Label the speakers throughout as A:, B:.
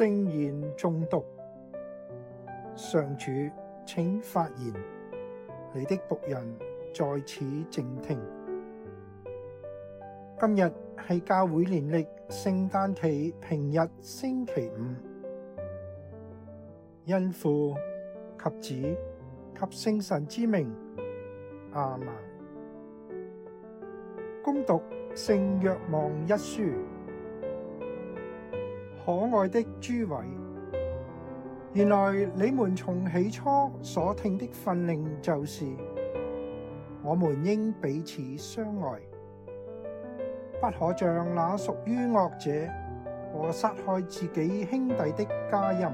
A: 聖言誦讀，上主，請發言，你的僕人在此靜聽。今日係教會年曆聖誕期平日星期五，因父及子及聖神之名，阿們。恭讀聖若望一書。可愛的諸位，原來你們從起初所聽的訓令就是：我們應彼此相愛，不可像那屬於惡者和殺害自己兄弟的加音。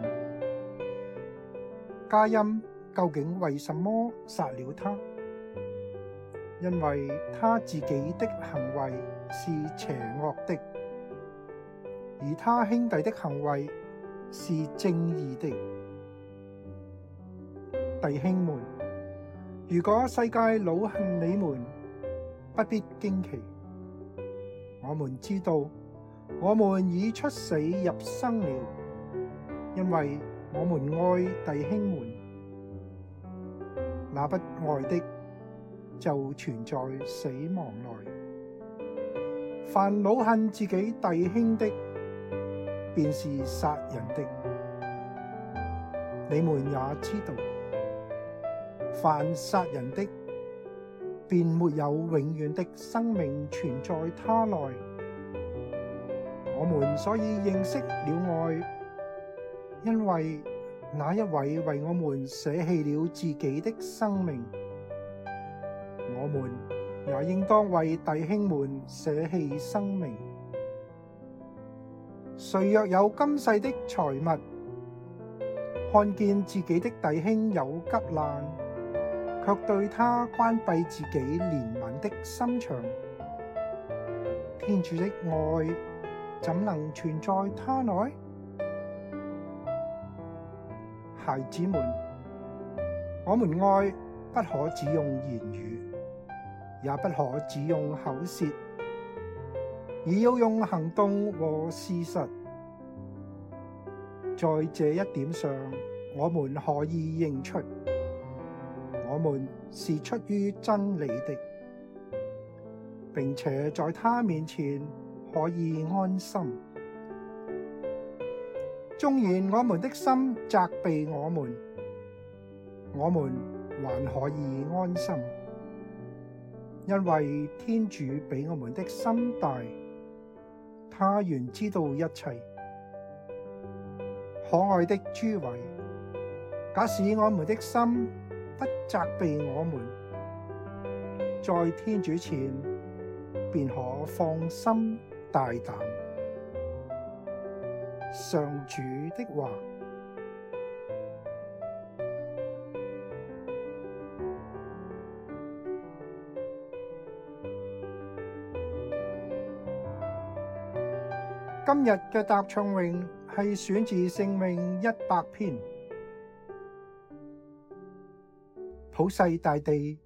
A: 加音究竟為什麼殺了他？因為他自己的行為是邪惡的。而他兄弟的行為是正義的，弟兄們，如果世界惱恨你們，不必驚奇。我們知道，我們已出死入生了，因為我們愛弟兄們。那不愛的就存在死亡內，凡惱恨自己弟兄的。便是殺人的，你們也知道，凡殺人的便沒有永遠的生命存在他內。我們所以認識了愛，因為那一位為我們捨棄了自己的生命，我們也應當為弟兄們捨棄生命。誰若有今世的財物，看見自己的弟兄有急難，却對他關閉自己憐憫的心腸，天主的愛怎能存在他內？孩子們，我們愛不可只用言語，也不可只用口舌。而要用行動和事實，在這一點上，我們可以認出我們是出於真理的，並且在他面前可以安心。縱然我們的心責備我們，我們還可以安心，因為天主比我們的心大。他原知道一切，可愛的諸位，假使我們的心不責備我們，在天主前便可放心大膽。上主的話。今日嘅答唱詠係選自《聖詠》一百篇，普世大地，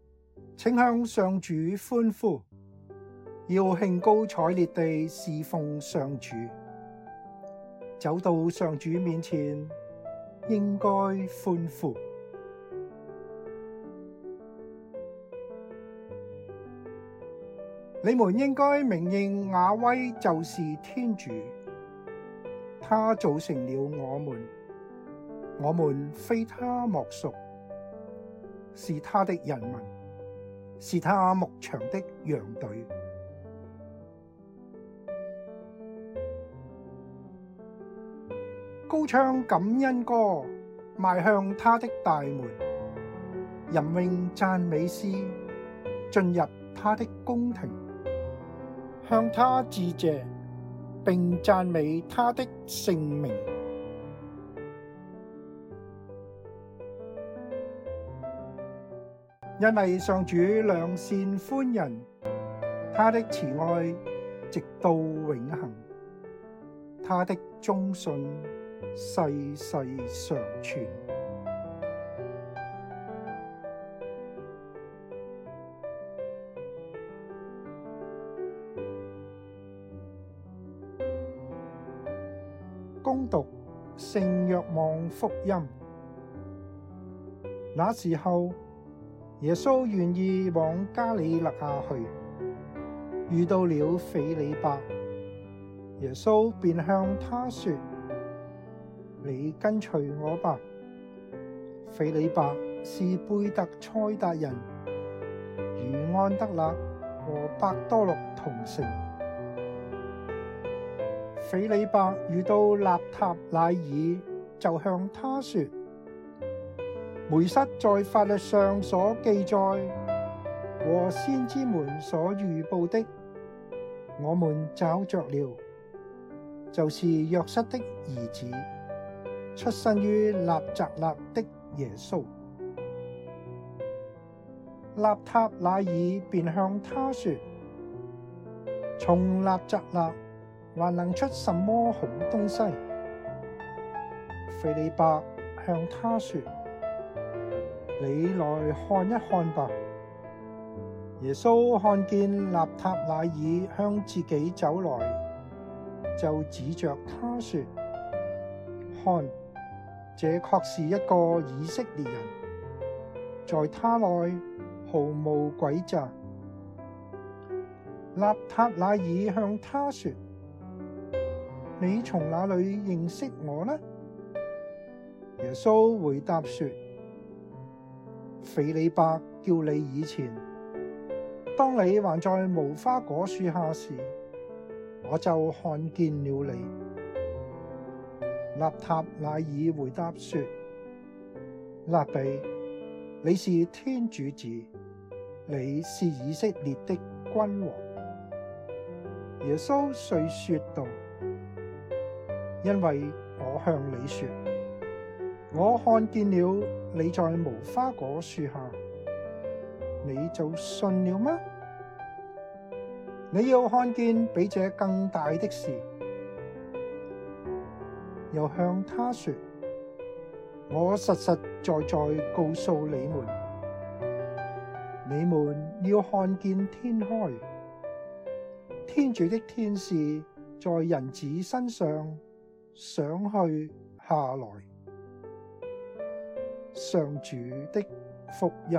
A: 請向上主歡呼，要興高采烈地事奉上主，走到上主面前，應該歡呼。你們應該明認雅威就是天主，他造成了我們，我們非他莫屬，是他的人民，是他牧場的羊隊。高唱感恩歌，邁向他的大門；吟詠讚美詩，進入他的宮庭。向他致謝，並讚美他的聖名。因為上主良善寬仁，他的慈愛直到永恒，他的忠信世世常存。恭讀聖若望福音。那時候，耶穌願意往加里肋亞去，遇到了斐理伯，耶穌便向他說：你跟隨我吧。斐理伯是貝特賽達人，與安德肋和伯多祿同城。斐理伯遇到納塔乃耳，就向他說：梅瑟在法律上所記載和先知們所預報的，我們找着了，就是若瑟的兒子，出身於納匝肋的耶穌。納塔乃耳便向他說：從納匝肋。還能出什麼好東西？斐理伯向他說：你來看一看吧。耶穌看見納塔乃耳向自己走來，就指着他說：看，這確是一個以色列人，在他內毫無詭詐。納塔乃耳向他說。你從哪裡認識我呢？耶穌回答說：斐理伯叫你以前，當你還在無花果樹下時，我就看見了你。納塔乃耳回答說：辣彼，你是天主子，你是以色列的君王。耶穌遂說道。因為我向你說，我看見了你在無花果樹下，你就信了嗎？你要看見比這更大的事。又向他說：我實實在在告訴你們，你們要看見天開，天主的天使在人子身上。上去下來，上主的福音。